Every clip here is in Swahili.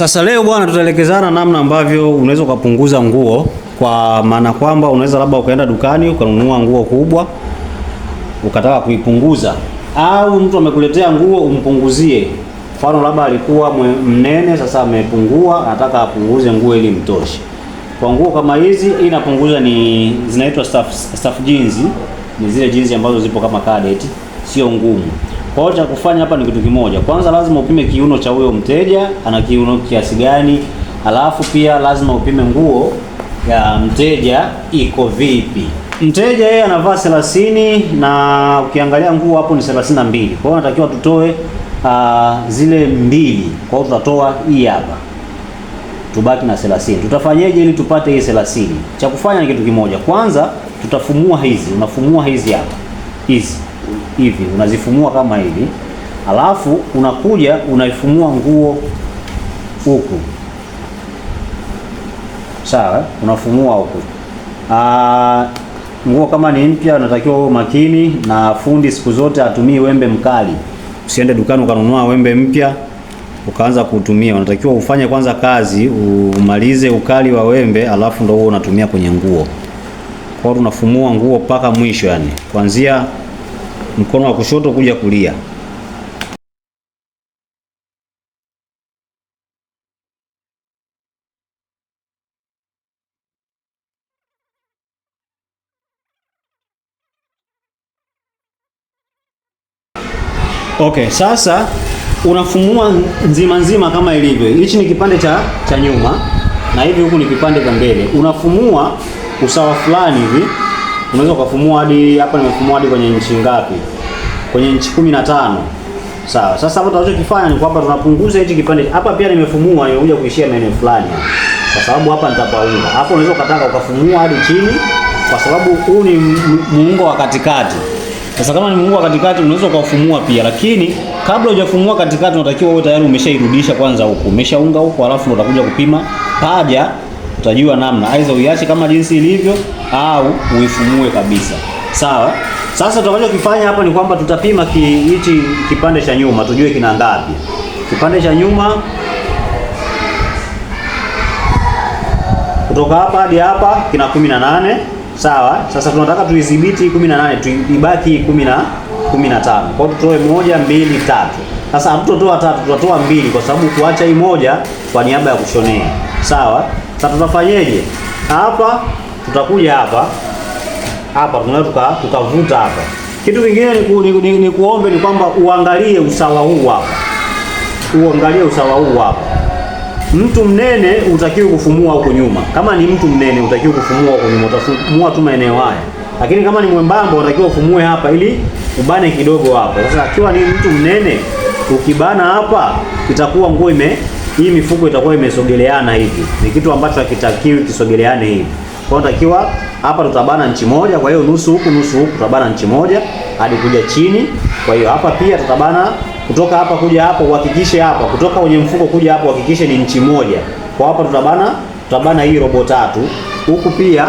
Sasa leo bwana, tutaelekezana namna ambavyo unaweza ukapunguza nguo, kwa maana kwamba unaweza labda ukaenda dukani ukanunua nguo kubwa ukataka kuipunguza, au mtu amekuletea nguo umpunguzie. Mfano labda alikuwa mnene, sasa amepungua, anataka apunguze nguo ili mtoshe. Kwa nguo kama hizi, hii inapunguza ni zinaitwa staff, staff jeans, ni zile jeans ambazo zipo kama cadet, sio ngumu. Kwa hiyo cha kufanya hapa ni kitu kimoja. Kwanza lazima upime kiuno cha huyo mteja, ana kiuno kiasi gani? Alafu pia lazima upime nguo ya mteja iko vipi. Mteja yeye anavaa 30 na ukiangalia nguo hapo ni 32. Kwa hiyo natakiwa tutoe uh, zile mbili. Kwa hiyo tutatoa hii hapa. Tubaki na 30. Tutafanyaje ili tupate hii 30? Cha kufanya ni kitu kimoja. Kwanza tutafumua hizi. Unafumua hizi hapa. Hizi hivi, unazifumua kama hivi, alafu unakuja unaifumua nguo huku, sawa, unafumua huku. Ah, nguo kama ni mpya, unatakiwa uwe makini na fundi, siku zote atumii wembe mkali. Usiende dukani ukanunua wembe mpya ukaanza kuutumia. Unatakiwa ufanye kwanza kazi, umalize ukali wa wembe, alafu ndio huo unatumia kwenye nguo. Kwa hiyo tunafumua nguo mpaka mwisho, yani kuanzia mkono wa kushoto kuja kulia. Okay, sasa unafumua nzima nzima kama ilivyo. Hichi ni kipande cha, cha nyuma na hivi huku ni kipande cha mbele. Unafumua usawa fulani hivi unaweza ukafumua hadi hapa, nimefumua hadi kwenye nchi ngapi? Kwenye nchi kumi na tano. Sawa. Sasa hapo tunachokifanya ni kwamba tunapunguza hichi kipande hapa. Pia nimefumua, nimekuja kuishia maeneo fulani, kwa sababu hapa nitapaunga. Hapo unaweza ukataka ukafumua hadi chini, kwa sababu huu ni muungo wa katikati. Sasa kama ni muungo wa katikati, unaweza ukafumua pia, lakini kabla hujafumua katikati, unatakiwa uwe tayari umeshairudisha kwanza huku, umeshaunga huku, alafu utakuja kupima paja utajua namna, aidha uiache kama jinsi ilivyo au uifumue kabisa. Sawa. Sasa tutakachokifanya hapa ni kwamba tutapima hichi ki, kipande cha nyuma tujue kina ngapi. Kipande cha nyuma kutoka hapa hadi hapa kina 18. Sawa. Sasa tunataka tuidhibiti 18, tuibaki 10 15. Kwa hiyo tutoe moja, mbili, tatu. Sasa hatutotoa tatu, tutatoa mbili kwa sababu kuacha hii moja kwa niaba ya kushonea. Sawa na tunafanyeje hapa? Tutakuja hapa hapa, tunaweza tukavuta hapa. Kitu kingine ni, ku, ni, ni, ni kuombe ni kwamba uangalie usawa huu hapa, uangalie usawa huu hapa. Mtu mnene utakiwa kufumua huko nyuma. Kama ni mtu mnene utakiwa kufumua huko nyuma, utafumua tu maeneo haya, lakini kama ni mwembamba unatakiwa ufumue hapa ili ubane kidogo hapa. Sasa akiwa ni mtu mnene ukibana hapa itakuwa nguo ime hii mifuko itakuwa imesogeleana hivi, ni kitu ambacho hakitakiwi kisogeleane hivi. Kwa hiyo takiwa hapa tutabana nchi moja, kwa hiyo nusu huku nusu huku tutabana nchi moja hadi kuja chini. Kwa hiyo hapa pia tutabana kutoka hapa kuja hapa, uhakikishe hapa kutoka kwenye mfuko kuja hapa uhakikishe ni nchi moja. Kwa hapa tutabana tutabana hii robo tatu huku pia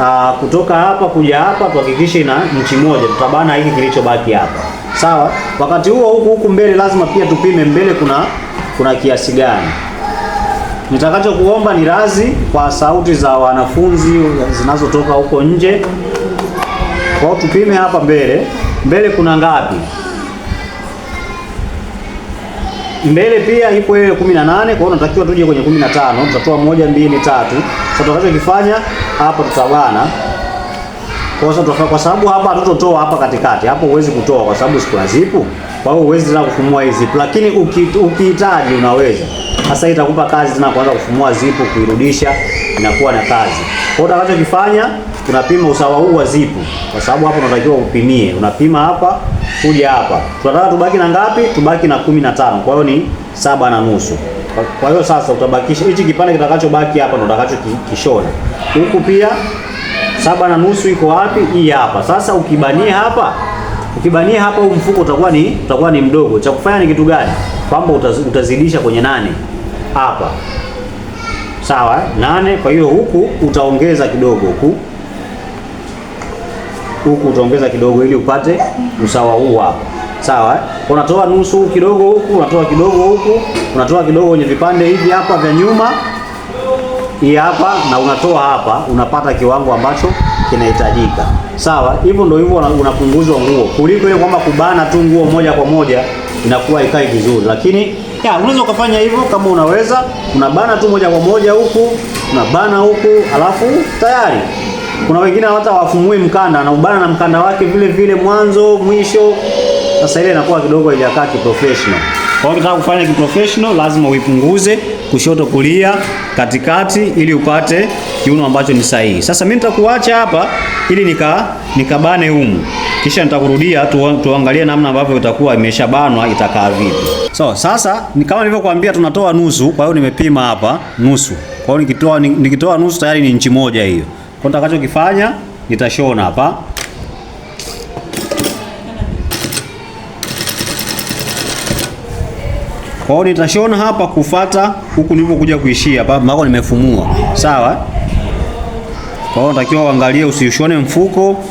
aa, ah, kutoka hapa kuja hapa tuhakikishe na nchi moja, tutabana hiki kilichobaki hapa, sawa. Wakati huo huku huku mbele lazima pia tupime mbele kuna kuna kiasi gani. Nitakachokuomba ni radhi kwa sauti za wanafunzi zinazotoka huko nje. Kwa tupime hapa mbele, mbele kuna ngapi? Mbele pia ipo ile 18, kwa hiyo natakiwa tuje kwenye 15, tutatoa moja, mbili, tatu. Sasa tutakachokifanya hapa tutagwana kwa sababu tofauti kwa sababu hapa hatutotoa hapa katikati. Hapo huwezi kutoa kwa sababu sikula zipo. Kwa hiyo huwezi tena kufumua hizi. Lakini ukihitaji unaweza. Sasa itakupa kazi tena kuanza kufumua zipu kuirudisha inakuwa na kazi. Kwa hiyo utakachokifanya tunapima usawa huu wa zipu kwa sababu hapo unatakiwa upimie. Unapima hapa kuja hapa. Tunataka tubaki na ngapi? Tubaki na 15. Kwa hiyo ni saba na nusu. Kwa hiyo sasa utabakisha hichi kipande kitakachobaki hapa ndo utakachokishona. Huku pia saba na nusu iko wapi? Hii hapa. Sasa ukibania hapa, ukibania hapa huu mfuko utakuwa ni utakuwa ni mdogo. Cha kufanya ni kitu gani? Kwamba utazidisha kwenye nane hapa, sawa nane. Kwa hiyo huku utaongeza kidogo, huku huku utaongeza kidogo ili upate usawa huu hapa, sawa. Unatoa nusu kidogo huku, unatoa kidogo huku, unatoa kidogo kwenye vipande hivi hapa vya nyuma hii hapa na unatoa hapa, unapata kiwango ambacho kinahitajika. Sawa, hivyo ndio hivyo unapunguzwa nguo, kuliko ile kwamba kubana tu nguo moja kwa moja inakuwa ikai vizuri, lakini ya unaweza ukafanya hivyo kama unaweza, unabana tu moja kwa moja huku, unabana huku, alafu tayari. Kuna wengine hata wafumui mkanda na ubana na mkanda wake vile vile mwanzo mwisho. Sasa ile inakuwa kidogo haijakaa kiprofessional. Kwa hiyo ukitaka kufanya kiprofessional, lazima uipunguze kushoto, kulia, katikati, ili upate kiuno ambacho ni sahihi. Sasa mimi nitakuacha hapa ili nika nikabane humu, kisha nitakurudia tuangalie namna ambavyo itakuwa imeshabanwa itakaa vipi. So sasa ni kama nilivyokuambia, tunatoa nusu. Kwa hiyo nimepima hapa nusu, kwa hiyo nikitoa nikitoa nusu tayari ni inchi moja hiyo. Kwa nitakachokifanya nitashona hapa Kwa hiyo nitashona hapa kufata huku nilipokuja kuishia hapa ambako nimefumua. Sawa? Kwa hiyo natakiwa uangalie usishone mfuko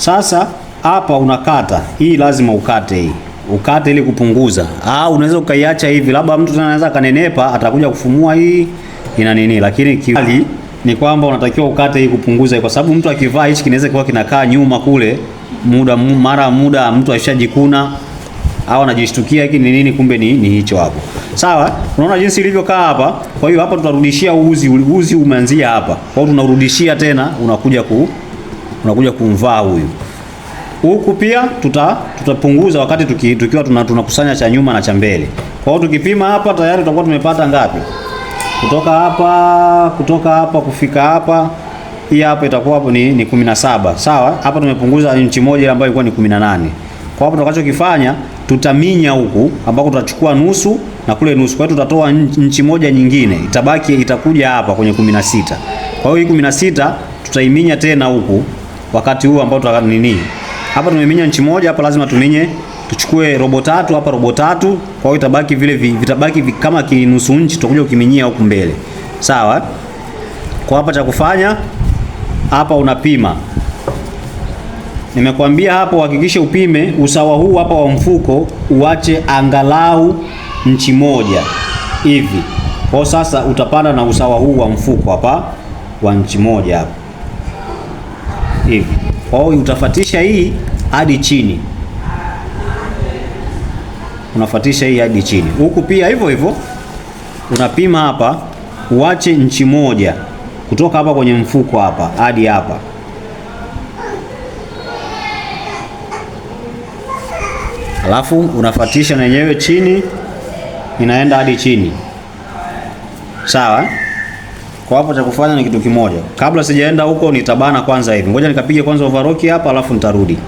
Sasa hapa unakata hii, lazima ukate hii, ukate ili kupunguza, au unaweza ukaiacha hivi, labda mtu anaweza kanenepa, atakuja kufumua hii ina nini, lakini kiwali ni kwamba unatakiwa ukate hii kupunguza, kwa sababu mtu akivaa hichi kinaweza kuwa kinakaa nyuma kule muda mara muda, mtu ashajikuna au anajishtukia hiki ni nini, kumbe ni hicho hapo. Sawa, unaona jinsi ilivyokaa hapa. Kwa hiyo hapa tutarudishia uzi, uzi umeanzia hapa, kwa hiyo tunarudishia tena, unakuja ku unakuja kumvaa huyu huku pia tuta, tutapunguza wakati tuki, tukiwa tunakusanya cha nyuma na cha mbele. Kwa hiyo tukipima hapa tayari tutakuwa tumepata ngapi? Kutoka hapa kutoka hapa kufika hapa, hii hapa itakuwa hapo ni, ni 17 sawa. Hapa tumepunguza inchi moja ile ambayo ilikuwa ni 18. Kwa hapo tutakachokifanya tutaminya huku ambako tutachukua nusu na kule nusu. Kwa hiyo tutatoa inchi moja nyingine, itabaki itakuja hapa kwenye 16. Kwa hiyo hii 16 tutaiminya tena huku wakati huu ambao tutaka nini. Hapa tumeminya nchi moja, hapa lazima tuminye tuchukue robo tatu hapa, robo tatu. Kwa hiyo itabaki vile vitabaki kama kinusu nchi, tutakuja ukiminyia huku mbele, sawa. Kwa hapa cha kufanya hapa, unapima nimekwambia hapo, uhakikishe upime usawa huu hapa wa mfuko, uache angalau nchi moja hivi. Kwa sasa utapanda na usawa huu wa mfuko hapa wa nchi moja hapa hivi. Kwa hiyo utafatisha hii hadi chini, unafatisha hii hadi chini. Huku pia hivyo hivyo unapima hapa, uache nchi moja kutoka hapa kwenye mfuko hapa hadi hapa alafu unafatisha na yenyewe chini, inaenda hadi chini, sawa. Kwa hapo cha kufanya ni kitu kimoja. Kabla sijaenda huko nitabana kwanza hivi. Ngoja nikapige kwanza overlock hapa alafu nitarudi.